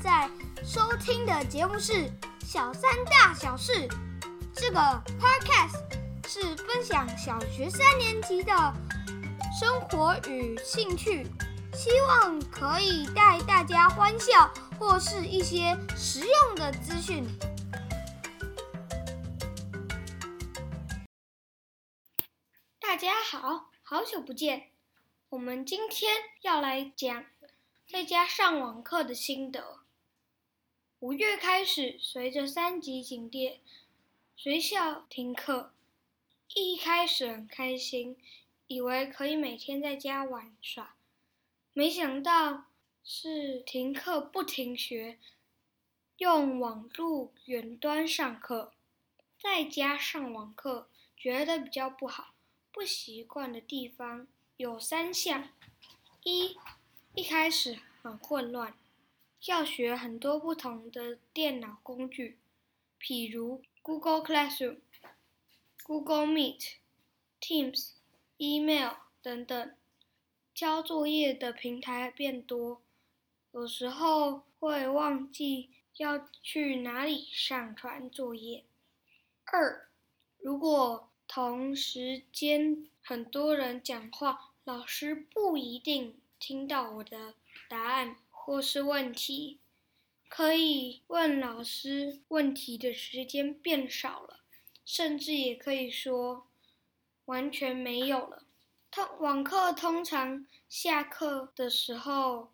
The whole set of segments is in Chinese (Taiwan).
在收聽的節目是《小三大小事》，這個 podcast 是分享小學三年級的生活與興趣，希望可以帶大家歡笑或是一些實用的資訊。大家好，好久不見，我們今天要來講在家上網課的心得。五月開始，隨着三級警戒，學校停課。一開始很開心，以為可以每天在家玩耍，沒想到是停課不停學，用網絡雲端上課，在家上網課，覺得比較不好，不習慣的地方有三項：一，一開始很混亂。要學很多不同的電腦工具，比如 Google Classroom、Google Meet、Teams、Email 等等，交作業的平台變多，有時候會忘記要去哪裡上傳作業。二，如果同時間很多人講話，老師不一定聽到我的答案。或是問題，可以問老師問題的時間變少了，甚至也可以說完全沒有了。通網課通常下課的時候，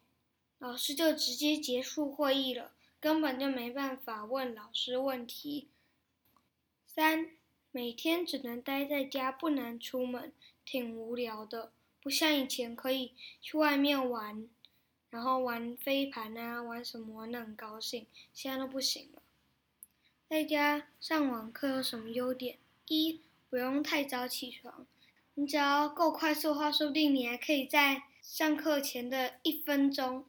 老師就直接結束會議了，根本就沒辦法問老師問題。三，每天只能待在家，不能出門，挺無聊的，不像以前可以去外面玩。然後玩飛盤啊，玩什麼玩、啊、的很高興。現在都不行了，在家上網課有什麼優點？一，不用太早起床，你只要夠快速的話，說不定你還可以在上課前的一分鐘，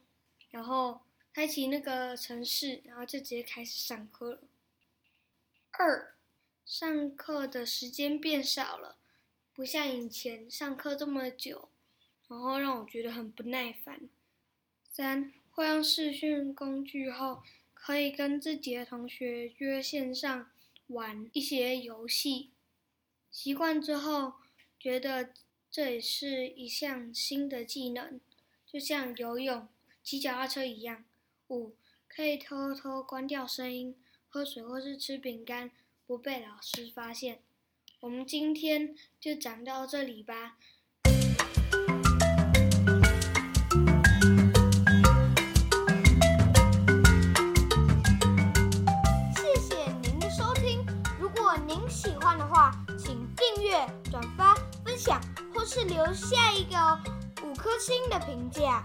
然後開啟那個程式，然後就直接開始上課了。二，上課的時間變少了，不像以前上課這麼久，然後讓我覺得很不耐煩。三、會用視訊工具後，可以跟自己的同學約線上玩一些遊戲。習慣之後，覺得這也是一項新的技能，就像游泳、騎腳踏車一樣。五、可以偷偷關掉聲音、喝水或是吃餅乾，不被老師發現。我們今天就講到這裡吧。話請訂閱、轉發、分享，或是留下一個五顆星的評價。